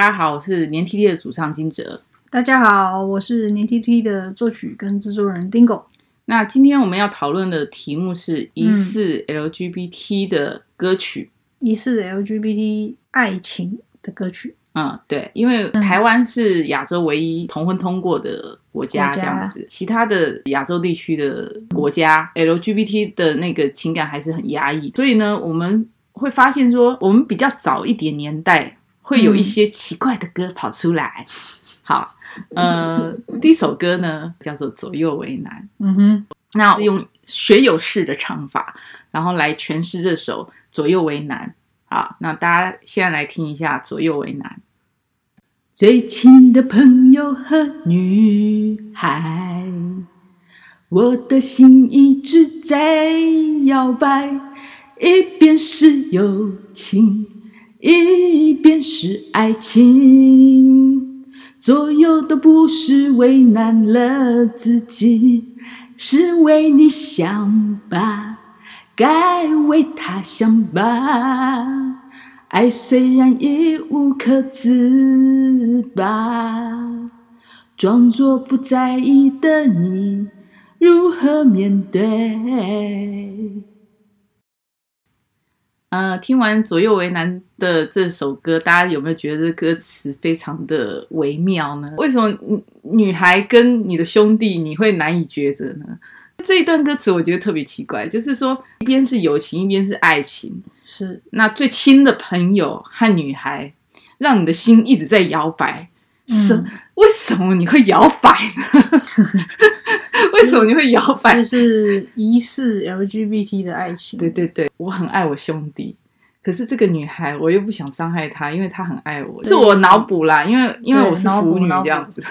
大家好，我是黏 tt 的主唱驚蟄。大家好，我是黏 tt 的作曲跟製作人 Dingo。那今天我們要討論的題目是疑似 LGBT 的歌曲，嗯，疑似 LGBT 愛情的歌曲。嗯，對，因為台灣是亞洲唯一同婚通過的國家，嗯、國家這樣子，其他的亞洲地區的國家、嗯、LGBT 的那個情感還是很壓抑，所以呢，我們會發現說，我們比較早一點年代。會有一些奇怪的歌跑出來。嗯、好，呃，第一首歌呢叫做《左右為難》。嗯哼，那用學友式的唱法，然後來詮釋這首《左右為難》。好，那大家現在來聽一下《左右為難》。最親的朋友和女孩，我的心一直在搖擺，一邊是友情。一邊是愛情，左右都不是。為難了自己，是為你想吧，該為他想吧。愛雖然已無可自拔，裝作不在意的你，如何面對？呃，聽完《左右為難》的這首歌，大家有沒有覺得這歌詞非常的微妙呢？為什麼女孩跟你的兄弟你會難以抉擇呢？這一段歌詞我覺得特別奇怪，就是說一邊是友情，一邊是愛情，是那最親的朋友和女孩，讓你的心一直在搖擺。什、嗯、為什麼你會搖擺呢？ 為什麼你會搖擺？就是疑似 LGBT 的愛情。對對對，我很愛我兄弟，可是這個女孩我又不想傷害她，因為她很愛我。是我腦補啦，因為因為我是腐女這樣子。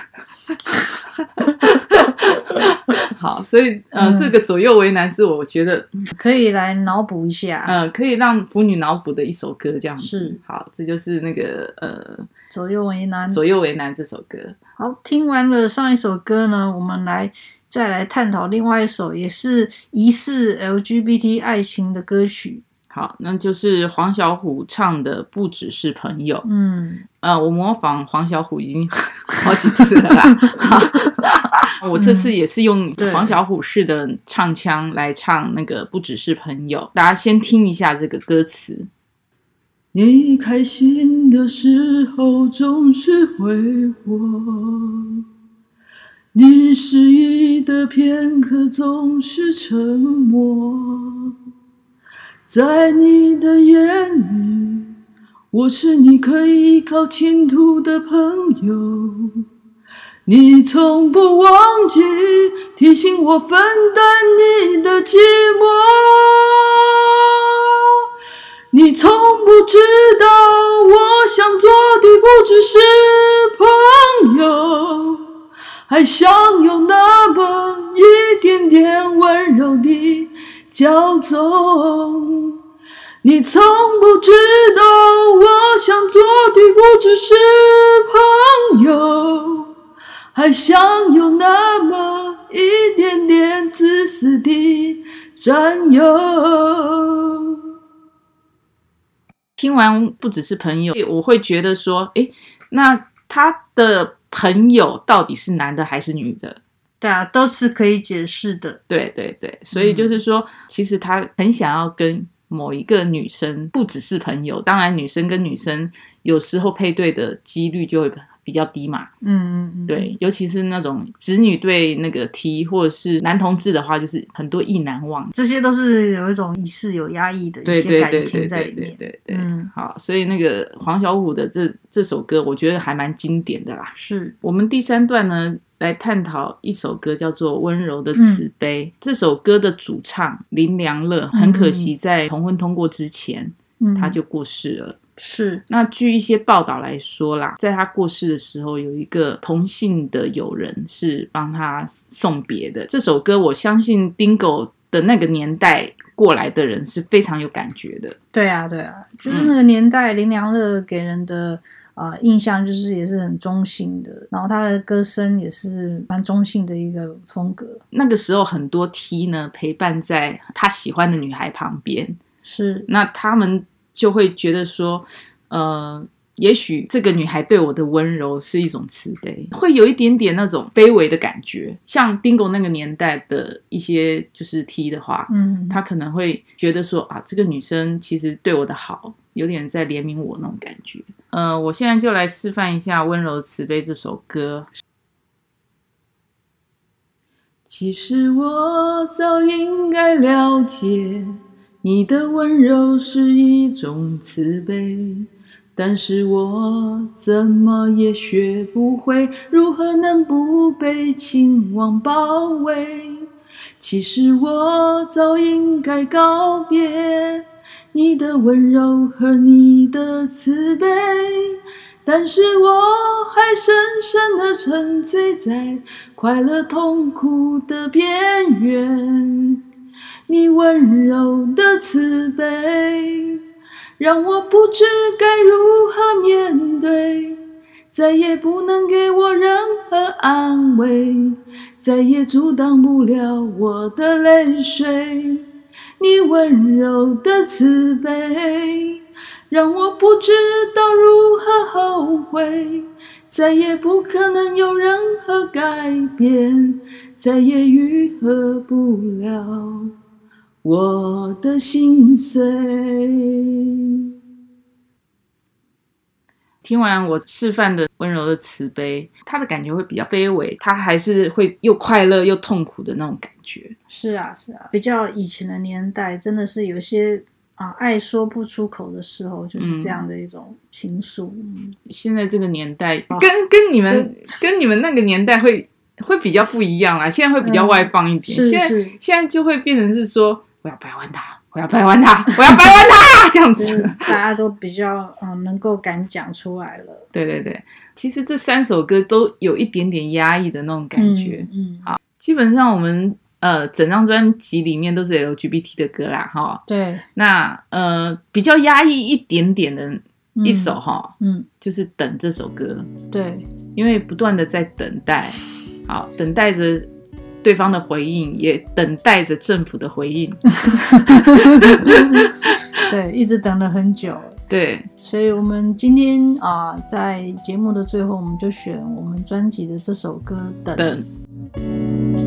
好，所以呃、嗯，這個左右為難是，是我覺得可以來腦補一下，嗯、呃，可以讓腐女腦補的一首歌這樣子。是，好，這就是那個呃，左右為難，左右為難這首歌。好，聽完了上一首歌呢，我們來。再來探討另外一首也是疑似 LGBT 愛情的歌曲。好，那就是黃小琥唱的《不只是朋友》。嗯，呃，我模仿黃小琥已經好幾次了啦。 我這次也是用黃小琥式的唱腔來唱那個《不只是朋友》，大家先聽一下這個歌詞。你開心的時候總是回我。你失意的片刻總是沉默，在你的眼裡，我是你可以依靠傾吐的朋友。你從不忘記提醒我分擔你的寂寞，你從不知道我想做的不只是朋友。還想有那麼一點點溫柔的驕縱，你從不知道我想做的不只是朋友，還想有那麼一點點自私的佔有。聽完不只是朋友，我會覺得說，誒，那他的。朋友到底是男的還是女的？對啊，都是可以解釋的。對對對，所以就是說，嗯，其實他很想要跟某一個女生，不只是朋友。當然，女生跟女生有時候配對的幾率就會。比較低嘛，嗯嗯嗯，對，尤其是那種直女對那個 T 或者是男同志的話，就是很多意難忘的，這些都是有一種儀式有壓抑的一些感情在裡面，對對對，對，對，對對對，嗯，好，所以那個黃小琥的這這首歌，我覺得還蠻經典的啦。是我們第三段呢，來探討一首歌叫做《溫柔的慈悲》嗯。這首歌的主唱林良樂，很可惜在同婚通過之前，嗯，他就過世了。是，那據一些報道來說啦，在他過世的時候，有一個同性的友人是幫他送別的。這首歌，我相信 Dingo 的那個年代過來的人是非常有感覺的。對啊，對啊，就是那個年代林良樂給人的啊、嗯嗯嗯、印象，就是也是很中性的，然後他的歌聲也是蠻中性的一個風格。那個時候很多 T 呢，陪伴在他喜歡的女孩旁邊。是，那他們。就會覺得說，呃，也許這個女孩對我的溫柔是一種慈悲，會有一點點那種卑微的感覺。像 Dingo 那個年代的一些就是 T 的話，嗯，她可能會覺得說啊，這個女生其實對我的好，有點在憐憫我那種感覺。呃，我現在就來示範一下《溫柔慈悲》這首歌。其實我早應該了解。你的溫柔是一種慈悲，但是我怎麼也學不會，如何能不被情網包圍？其實我早應該告別你的溫柔和你的慈悲，但是我還深深的沉醉在快樂痛苦的邊緣。你溫柔的慈悲，讓我不知該如何面對，再也不能給我任何安慰，再也阻擋不了我的淚水。 你溫柔的慈悲，讓我不知道如何後悔，再也不可能有任何改變，再也癒合不了。我的心碎。聽完我示範的溫柔的慈悲，他的感覺會比較卑微，他還是會又快樂又痛苦的那種感覺。是啊，是啊，比較以前的年代，真的是有些啊、嗯，愛說不出口的時候就是這樣的一種情愫。嗯、現在這個年代，跟跟你們、哦、跟你們那個年代會會比較不一樣啦，現在會比較外放一點。嗯、現在現在就會變成是說。我要掰彎他，我要掰彎他，我要掰彎他， 這樣子，大家都比較嗯，能夠敢講出來了。對對對，其實這三首歌都有一點點壓抑的那種感覺嗯。嗯，好，基本上我們呃整張專輯裡面都是 LGBT 的歌啦，哈。對，那呃比較壓抑一點點的一首哈，嗯，就是等這首歌。對，因為不斷的在等待，好等待着。對方的回應也等待着政府的回應， 對，一直等了很久，對，所以我們今天啊，在節目的最後，我們就選我們專輯的這首歌《等》。等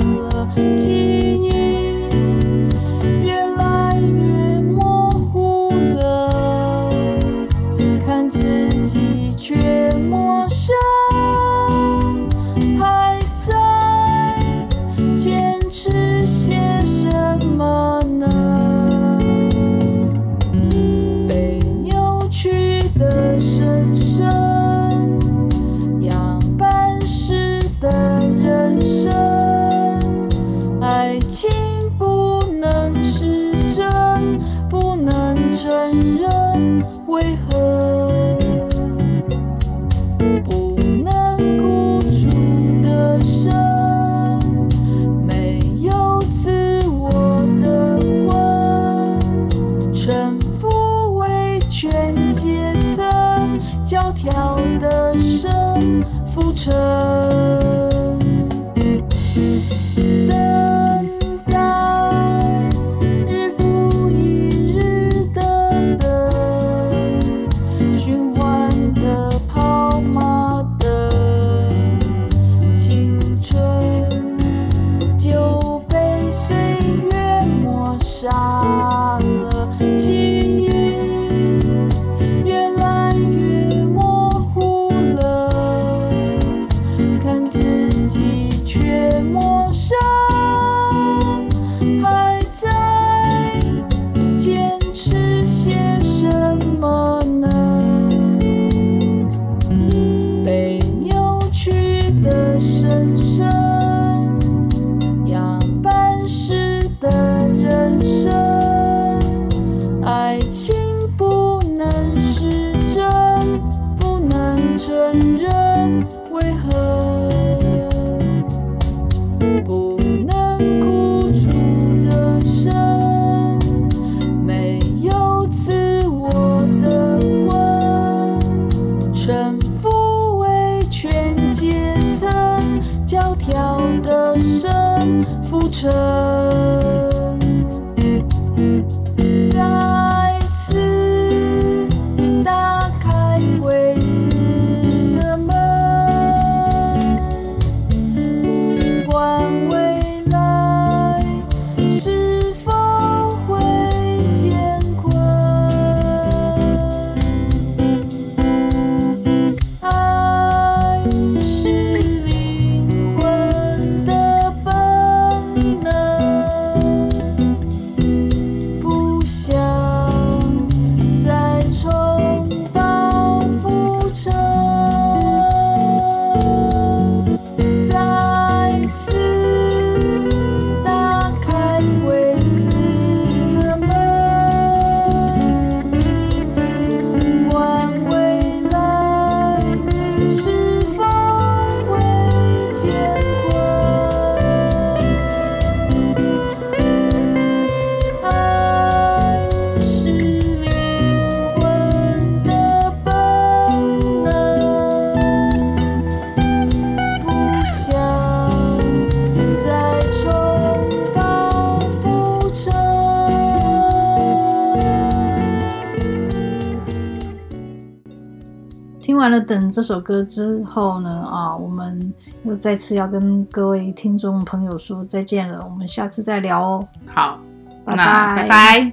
那等這首歌之後呢，啊，我們又再次要跟各位聽眾朋友說再見了。我們下次再聊哦。好，拜拜。拜拜。